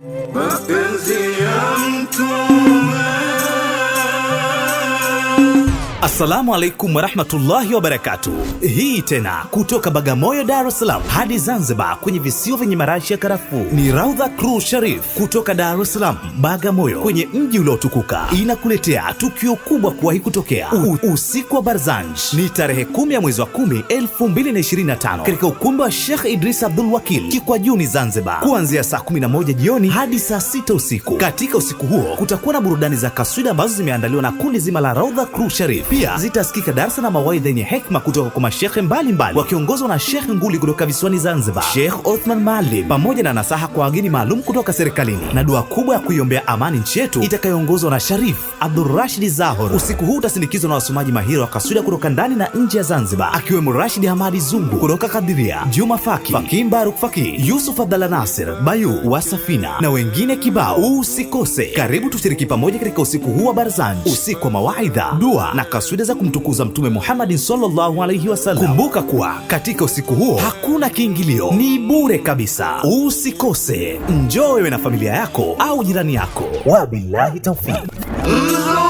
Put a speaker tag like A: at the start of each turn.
A: Was will sie an? Assalamu alaikum warahmatullahi wabarakatu. Hii tena kutoka Bagamoyo, Dar es Salaam hadi Zanzibar kwenye visiwa vyenye marashi ya karafuu ni Raudha cru Sharif kutoka Dar es Salaam Bagamoyo, kwenye mji uliotukuka inakuletea tukio kubwa kuwahi kutokea. U usiku wa Barzanj ni tarehe kumi ya mwezi wa kumi katika ukumbi wa Sheikh Idris Abdul Wakil Kikwajuni, Zanzibar, kuanzia saa 11 jioni hadi saa 6 usiku. Katika usiku huo kutakuwa na burudani za kaswida ambazo zimeandaliwa na kundi zima la Raudha Cruise Sharif. Pia zitasikika darsa na mawaidha yenye hekma kutoka kwa mashekhe mbalimbali wakiongozwa na Shekh Nguli kutoka visiwani Zanzibar, Shekh Othman Maalim, pamoja na nasaha kwa wageni maalum kutoka serikalini na dua kubwa ya kuiombea amani nchi yetu itakayoongozwa na Sharif Abdurashidi Zahor. Usiku huu utasindikizwa na wasomaji mahiri wa kaswida kutoka ndani na nje ya Zanzibar, akiwemo Rashidi Hamadi Zungu kutoka Kadiria, Juma Faki, Fakim Baruk Faki, Yusuf Abdalla Nasir Bayu wa Safina na wengine kibao. Usikose, karibu tushiriki pamoja katika usiku huu wa Barzanj, usiku wa mawaidha, dua na kaswida kaswida za kumtukuza Mtume Muhammad sallallahu alaihi wasallam. Kumbuka kuwa katika usiku huo hakuna kiingilio, ni bure kabisa. Usikose, njoo wewe na familia yako au jirani yako. Wabillahi tawfiq. Ah!